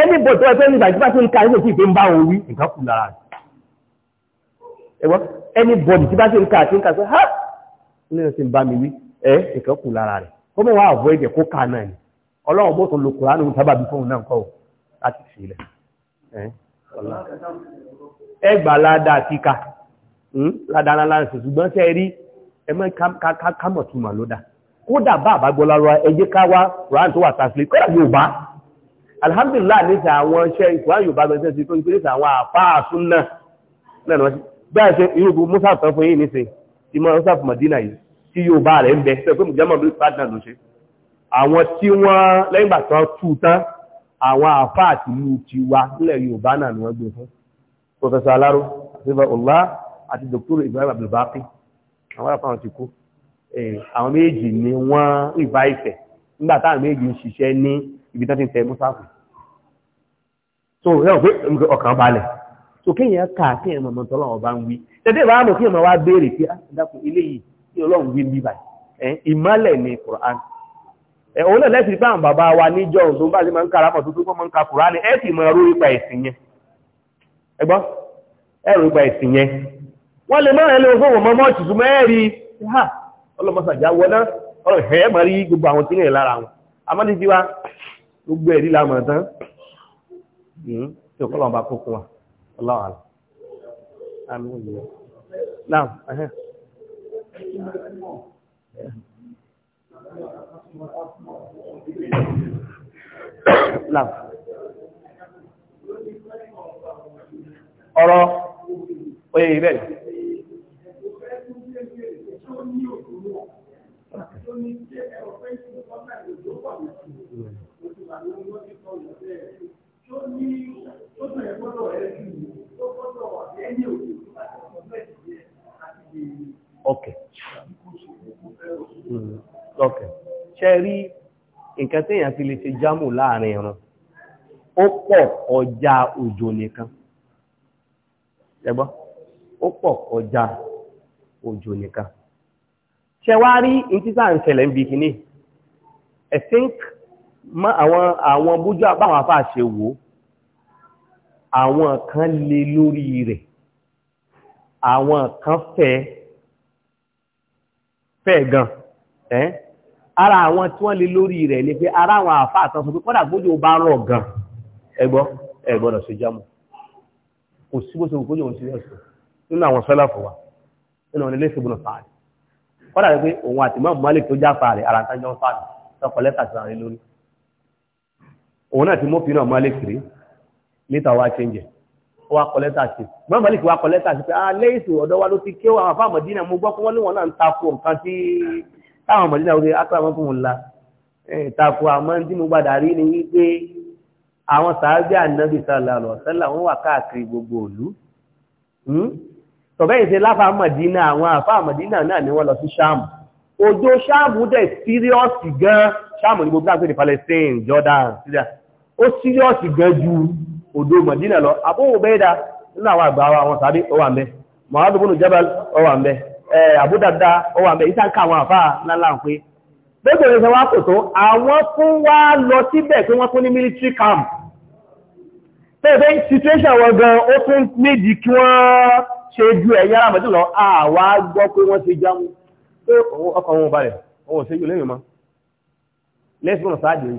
ẹni bọ̀ tó ẹgbẹ́ nígbà tí bá ti ń ka ẹni tí ìgbé ń bá òun wí nǹkan kù lára rẹ̀ ẹwọ́ ẹni bọ̀ tí bá ti ń ka àti ń ka sọ ha ní ẹsẹ̀ ń bá mi wí ẹ nǹkan kù lára rẹ̀ kó mọ̀ wá àbọ̀ ẹ̀jẹ̀ kó ka náà ni ọlọ́run bó tó lo kùránù sábà bí fóun náà ń kọ́ ọ láti fi ilẹ̀ ẹ gbà ládàá kíka hmm? ládàá ńlá ńlá ṣùgbọ́n tẹ́ rí ẹ mọ́ kámọ̀túmọ̀ ló dá kódà bá àbágbọ́lá ẹjẹ́ ká wá kùránù tó wà tásílẹ̀ kódà yóò alhamdulillah níta àwọn iṣẹ́ ìkùrá yorùbá gbẹ̀sẹ̀ sí tó ń pè níta àwọn àfáà súnà náà ni wọ́n ti bẹ́ẹ̀ ṣe irúgbù musa tán fún yìí nísìn tí madina yìí tí yorùbá rẹ̀ ń bẹ sẹ́ pé mùjẹ́mọ̀ ló pàdánà ló ṣe àwọn tí wọ́n lẹ́yìn ìgbà tán tú tán àwọn àfáà àti ìlú tiwa nílẹ̀ yorùbá náà ni wọ́n gbé fún professor alaro àfihàn ọlá àti dr ibrahim abdulbaki àwọn àfáà ti kú eh, àwọn méjì ni wọ́n ìbá ìfẹ́ nígbà méjì ń ṣiṣẹ́ ní ibi tó ti tẹ mọ́sáàfù so yóò pé ọkàn balẹ̀ so kéèyàn kà kéèyàn mọ̀mọ́ tọ́lọ́ ọba ń wí tẹ̀tẹ̀ bá mọ̀ kéèyàn wá béèrè pé ah, dákun eléyìí kí ọlọ́run wí bí báyìí ìmọ̀lẹ̀ ni Qur'an òun náà lẹ́sìn pé àwọn bàbá wa níjọ́ tó ń bá sí máa ń kára pọ̀ tuntun kọ́ máa ń ka Kùránì ẹ sì máa rú ipa ẹ̀sìn yẹn ẹ gbọ́ ẹ rú ipa ẹ̀sìn yẹn wọ́n lè máa ẹlẹ́wọ̀n fún òun mọ́mọ́ tuntun mẹ́ẹ̀rí ha ọlọ́mọsàjà wọná ọ̀hẹ́ máa rí gbogbo àwọn tí ń rìn lára wọn gbogbo ẹ̀rí la mọ̀ tán hmm, tí ọkọ̀ lọ́wọ́ bá kó fún wa ọlọ́wọ́ àlọ́ àmì ìlú náà ẹ̀hẹ́. ọ̀rọ̀ oyè ibẹ̀. Mm. Okay. Mm. Okay. Ṣé rí nǹkan téèyàn fi lè ṣe jámù láàrin ìran? Ó pọ̀ ọjà òjò nìkan. Ẹgbọ́n? Ó pọ̀ ọjà òjò nìkan. Ṣé wá rí ìtìsà ń ń bí kìíní? I think mọ́ àwọn àwọn bójú àbáwọn afá ṣe wò àwọn kan lè lórí rẹ̀ àwọn kan fẹ́ fẹ́ gan ẹ́ ara àwọn tí wọ́n lè lórí rẹ̀ ni pé ara àwọn àfá àtànsọ pé kọ́dà bójú bá rọ̀ gan ẹgbọ́ ẹgbọ́dọ̀ ṣe jámù kò sí bó ṣe kò kójú òun sí ẹ̀sùn nínú àwọn sọ́lọ́fù wa nínú ilé ìṣègùn fàárì kọ́dà pé òun àti mọ́ mọ́lẹ̀ tó jáfàárì ara tájọ́ fàárì tọkọ lẹ́tà sí àárín lórí òun náà ti mú fínà Malik rí níta wá ṣẹ́ǹjẹ̀ wá kọ lẹ́tà sí mọ́ Malik wá kọ lẹ́tà sí pé aléìsù ah, ọ̀dọ́ wa ló ti kí àwọn afá àmọ̀dínà mú gbọ́ fún wọn níwọ̀n náà ń takò nǹkan tí táwọn àmọ̀dínà wọlé akọ́làmọ́ fún wọn la takò àmọ́ tí mo gbàdá rí ni wípé àwọn sàájẹ́ ànábì sàlà lọ sẹ́là wọ́n wà káàkiri gbogbo òlú hmm? tọ̀bẹ́ ìṣe láfa àmọ̀dínà àwọn afá àmọ̀dínà náà ni wọ́n lọ sí sáàmù ojú sáàmù dẹ̀ ni gbogbo àgbèrè Palestine Jordan Syria ó síríọ́sì gan ju odò Mọ̀dínà lọ Abu Ubaida nínú àwọn àgbà àwọn tàbí ọwà mẹ́ Mu'adh ibn Jabal ọwà mẹ́ eh, Abu Darda ọwà mẹ́ ìtànkà àwọn àfáà lálá ń pé gbogbo ìrìnṣẹ́ wá kò tó àwọn fún wá lọ síbẹ̀ pé wọ́n fún ní military camp pẹ̀lú situation wọn gan ó tún nídìí kí wọ́n ṣe ju ẹ̀yà àmọ́dé lọ àwa gbọ́ pé wọ́n ṣe jámú pé ọkọ̀ wọn balẹ̀ ọwọ́ ṣe yóò lẹ́yìn mọ́ lẹ́sìn ọ̀sáàdì ń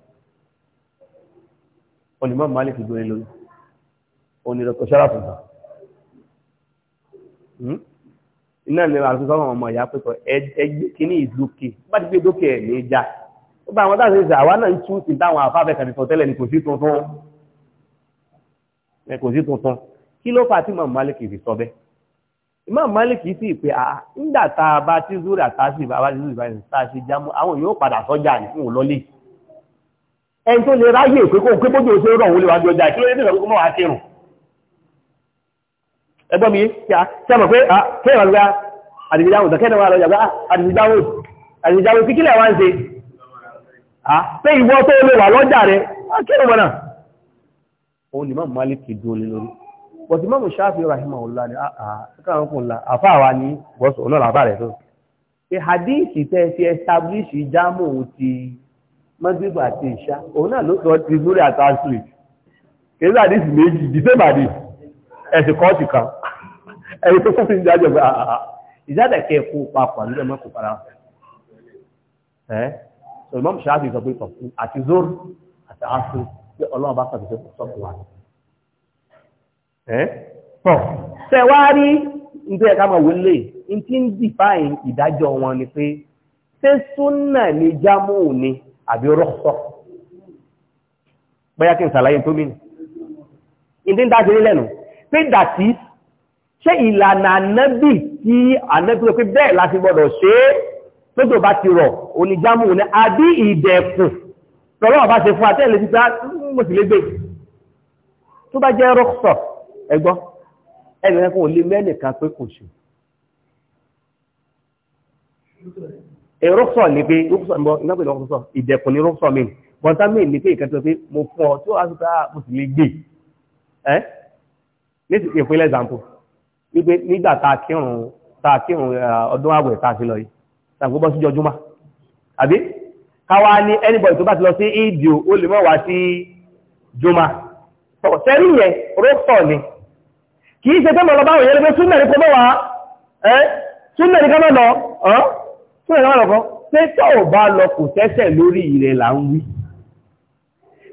olùmọ̀ malik gbóni lórí onírọ̀kọ̀ sáràfùn kan iná ni àrùn sọ́wọ́n ọmọ ìyá pẹ́kọ̀ ẹgbẹ́ kíní ìlúkè bá ti gbé dókè ẹ̀ ní ìjà ó bá àwọn táwọn ṣe àwa náà ń tú sí táwọn àfáfẹ́ kan nìkan tẹ́lẹ̀ ní kò sí tuntun ẹ kò sí tuntun kí ló fà tí màmú malik fi sọ bẹ́ẹ̀ Imam Malik sì pé àá tá a bá tí zúrà tá bá a bá tí zúrà tá a sì jámú àwọn yóò padà sọ́jà ní fún ẹni tó lè ráyè pé kó pé bójú òṣèré rọ̀ wọlé wájú ọjà ìkíló nígbà kó mọ́ wá kírun ẹgbọ́n mi ṣe mọ̀ pé kéèyàn gba àdìgbìdáwò ìdọ̀kẹ́ni wa lọ́jà gba àdìgbìdáwò àdìgbìdáwò tí kílẹ̀ wá ń ṣe pé ìwọ tó lè wà lọ́jà rẹ̀ wá kírun mọ́nà òun ni mọ́mù Malik ti dúró lé lórí bọ̀tí mọ́mù Shafi rahimahullah ni àkàrà kùn la àfa àwa ni bọ́sọ̀ náà làbá rẹ̀ tó ṣe hadith tẹ́ fi establish jámù ti mọ́díbù àti ìṣá òun náà ló sọ ti múrí àtàṣìrì kìí láàdí sí méjì dìtẹ́bàdì ẹ̀sì kọ́ọ̀tì kan ẹ̀rù tó fún ìjà jẹ́ ìjádẹ̀ kẹ́ kó papọ̀ nílẹ̀ mọ́kù para ẹ́ so imam shafi sọ pé sọ̀kú àti zor àti asu pé ọlọ́run bá sọ̀kú sọ̀kú wa ẹ́ pọ̀ tẹ́ wá rí nítorí ẹ̀ka máa wọlé ní ti ń dìfáìn ìdájọ́ wọn ni pé ṣé súnà ni jámù ni àbí rọ́ọ̀sọ̀ bóyá kí n sàlàyé tó mí ìdí ń dá sí nílẹ̀ nù pé dàtí ṣé ìlànà ànábì tí ànábì ló pé bẹ́ẹ̀ láti gbọ́dọ̀ ṣe é tótó bá ti rọ̀ oníjámù ní àbí ìdẹ̀kùn lọ́wọ́ bá ṣe fún àtẹ́lẹ̀ títà mo sì lè gbé tó bá jẹ́ rọ́ọ̀sọ̀ ẹgbọ́n ẹnìyàn kan ò mẹ́nìkan pé kò ṣe Eh, rọ́sọ̀ ní pé rọ́sọ̀ ń bọ́ ìgbàgbé lọ́wọ́ sọ ìdẹ̀kùn ní rọ́sọ̀ mi bọ́ntá mi ní pé ìkẹtọ́ pé mo fún ọ tí ó wá ah, mo sì lè gbé ẹ́ eh? ní ti pè fún ilé ìzàmpù wípé nígbà tá a kírun tá a kírun eh, ọdún ààwẹ̀ tá a fi lọ yìí tàbí bọ́ sí jọjúmọ́ àbí káwa ní anybody tó bá ti lọ sí ìdìò ó lè mọ̀ wá sí jọmọ́ sẹ́rí yẹn rọ́sọ̀ ni kì í ṣe pé mo lọ báwọn yẹn lé pé súnmẹ̀ ní kọ́ mọ́ wá ẹ́ súnmẹ̀ ní kọ́ mọ́ lọ fún ìrànwọ́ lọ́kọ́ pé tó ò bá lọ kò tẹ́sẹ̀ lórí ilẹ̀ là ń wí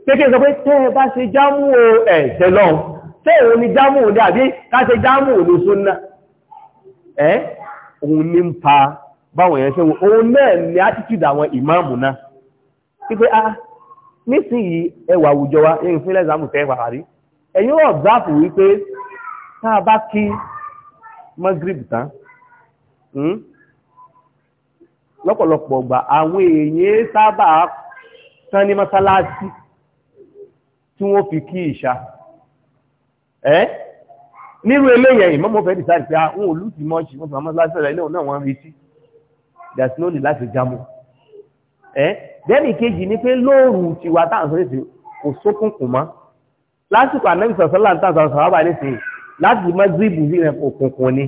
kéèké sọ pé tẹ́ ẹ bá ṣe jámù o ẹ̀ṣẹ̀ lọ tẹ́ òun ni jámù òde àbí ká ṣe jámù òde súnná ẹ́ òun ní ń pa báwọn èèyàn ṣe wò òun náà ni attitude àwọn ìmáàmù náà wípé a ah, nísìnyí ẹwà àwùjọ wa ẹ̀yìn fún ẹ̀sàmù tẹ́ pàpà rí ẹ̀yìn ọ̀bùráfù wípé tá a bá kí magrib tán hmm, lọ́pọ̀lọpọ̀ ọgbà àwọn èèyàn sábà tán ní mọ́sálásí tí wọ́n fi kí ìṣà ẹ́ nírú eléyẹ̀ ìmọ́mọ́ fẹ́ dìsáì pé ah, àwọn olùtí mọ́ṣì wọ́n fà mọ́sálásí rẹ̀ náà wọ́n rí sí dàsínóòlì láti jámù ẹ́ dẹ́nì kejì ni pé lóòrù ti wà táàsọ́rẹ́sì kò sókùnkùn mọ́ lásìkò ànẹ́bìsọ̀sọ́lá ń tàbí sàwábà nísìnyí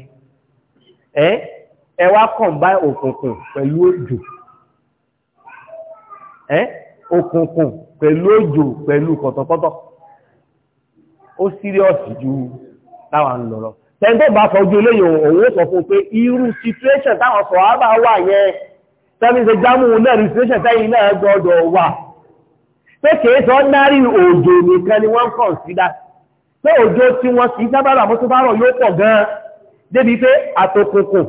ẹ wá combine òkùnkùn pẹ̀lú òjò ẹ́ òkùnkùn pẹ̀lú òjò pẹ̀lú kọ̀tọ̀kọ̀tọ̀ ó sírìọ́sì ju táwa ń lọ́rọ̀ tẹ́ńtẹ́ bá sọ ju eléyìí òun ó sọ fún pé irú situation táwọn sọ á bá wà yẹn tẹ́bí ṣe jámù náà rí situation tẹ́yìn náà gbọ́dọ̀ wà pé kìí sọ nárí òjò nìkan ni wọ́n kàn sídá pé òjò tí wọ́n kìí sábàbà mọ́tò bá rọ̀ yóò pọ̀ gan débi pé àtòkùnkùn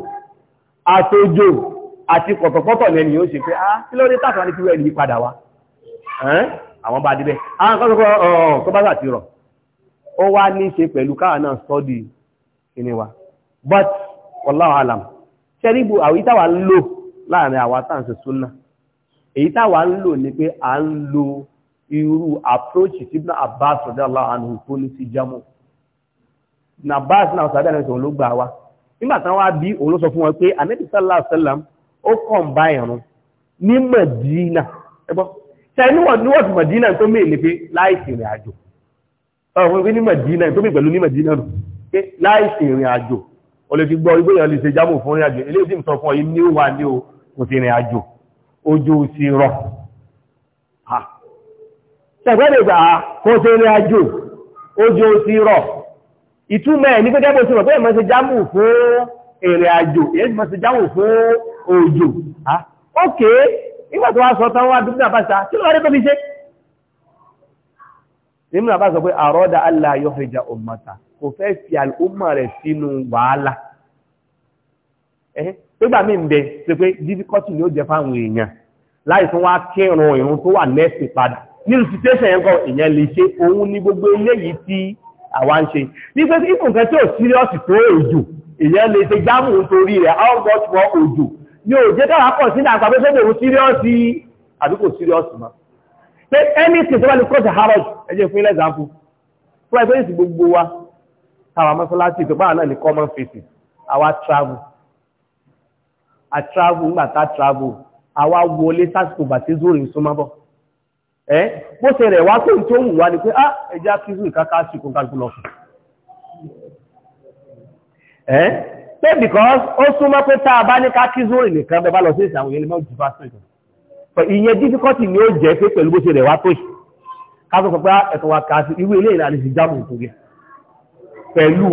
àtòjò àti pọ̀tọ̀pọ̀tọ̀ lẹ́ni yóò ṣe pé á ah, kí ló dé tàkà ní kíwẹ́ ní padà wá àwọn bá débẹ̀ àwọn kan sọ́kọ́ ọ̀ọ̀ tó bá sàti rọ̀ ó wá ní wa but wallahu alam ṣẹ́ríbù àwí táwa ń lò láàrin àwa táǹsì súnà èyí táwa ń lò ní pé lo irú approach tí Ibn Abbas radiyallahu anhu tó ní sí jamu Ibn Abbas náà sàbẹ̀ náà ló gbà wá nígbà tán wá bí òun ló sọ fún wọn pé anabi sallallahu alayhi wa sallam ó kàn bá ìrun ní Madina ẹgbọ́ ṣe níwọ̀n níwọ̀n tí Madina tó mè ní pé láìsí ìrìn àjò ọ̀rọ̀ pé ní Madina tó mè pẹ̀lú ní Madina nù pé láìsí ìrìn àjò o lè fi gbọ́ igbó yẹn lè ṣe jámù fún ìrìn àjò eléyìí tí mo sọ ìtumọ̀ ẹ̀ ní pé kẹ́bọ̀ sí ọ̀pẹ́ ìmọ̀sí jámù fún èrè àjò ìmọ̀sí jámù fún òjò ókè nígbà tó wá sọ tán wá dúdú àbáṣà kí ló wá dé tó fi ṣe nínú àbáṣà pé àrọ́dà Allah yukhrija ummata kò fẹ́ fi àlùmọ̀ rẹ̀ sínú wàhálà nígbà míì ń bẹ ṣe pé dífíkọ́tì ni ó jẹ fáwọn èèyàn láì tún wá kírun ìrun tó wà nẹ́ẹ̀sì padà nínú situation yẹn àwa ṣe ní pé ipò nǹkan tí ò síríọ́sì tó òjò èèyàn lè ṣe gbámù rẹ̀ òjò ni ò jẹ́ káwà pọ̀ sínú síríọ́sì síríọ́sì pé tó bá lè gbogbo wa táwa mọ́sálásí ìtọ́gbà náà ní common face àwa travel a travel nígbà tá travel àwa wọlé sásìkò bàtí ẹ́ bó ṣe rẹ̀ wá tó tó wù wá ní pé á ah, ẹjá kí zú sí kó gbájú lọ fún ẹ́ pé because ó súnmọ́ pé tá a bá ní ká kí zú nìkan bẹ́ẹ̀ bá lọ sí ìsàwọn yẹn lè má jù bá sí ìjọba ìyẹn difficulty ni ó jẹ́ pé pẹ̀lú bó ṣe rẹ̀ wá tó yìí ká tó sọ pé ẹ̀tọ́ wa kà sí irú ilé ìlànà ìsìn jáàmù ìtòrí pẹ̀lú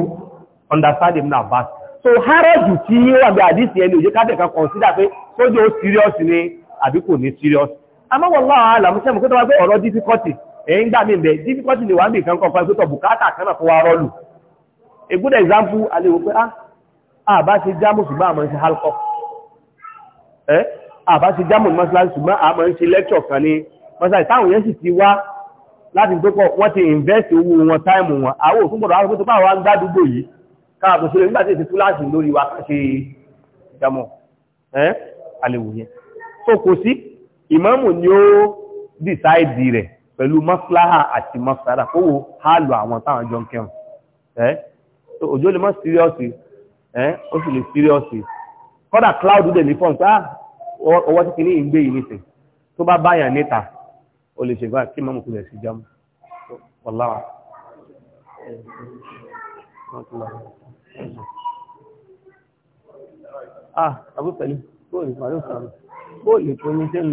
understanding náà bá so harrodu tí wà bí àdìsí ẹni òye ká consider pé sójú ó serious ni àbí kò ní serious amọ́wọ̀lọ́ àlàmúṣẹ́ mú kí tó wá pé ọ̀rọ̀ difficulty ẹ̀yìn gbà mí bẹ̀ difficulty lè wà ní ìkan kọ̀ọ̀kan pẹ́tọ̀ bùkátà kanáà fún wa rọ́lù a good example aléwò pé ah bá ṣe jámù ṣùgbọ́n àmọ́ ṣe halkọ́ ẹ́ àbá ṣe jámù mọ́sálásí ṣùgbọ́n àmọ́ ṣe lecture kan ní mọ́sálásí táwọn yẹn sì ti wá láti tó pọ̀ wọ́n ti invest owó wọn time wọn àwọn òfin gbọ́dọ̀ àwọn tó bá wá ń gbádùgbò yìí káàkó sílẹ̀ nígbà tí èsì túláàsì lórí wa ká ṣe jámù ẹ́ aléwò yẹn so Kosi ìmáàmù ni ó dìsáìdì rẹ̀ pẹ̀lú maslaha àti masara kó wo hálù àwọn táwọn jọ ń kẹrùn ẹ́ òjò lè mọ́ síríọ́sì ẹ́ ó sì lè síríọ́sì kọ́dà cloud dẹ̀ ní fọ́n pé ah, ọwọ́ tí kìíní ìgbé yìí nìsẹ̀ tó bá báyàn níta ó lè ṣègbà kí mọ́mù kò lè sí jámù ọ̀láwà ah abúfẹ́lẹ́ bóòlù pàdé òsàn bóòlù kò ní ṣe ń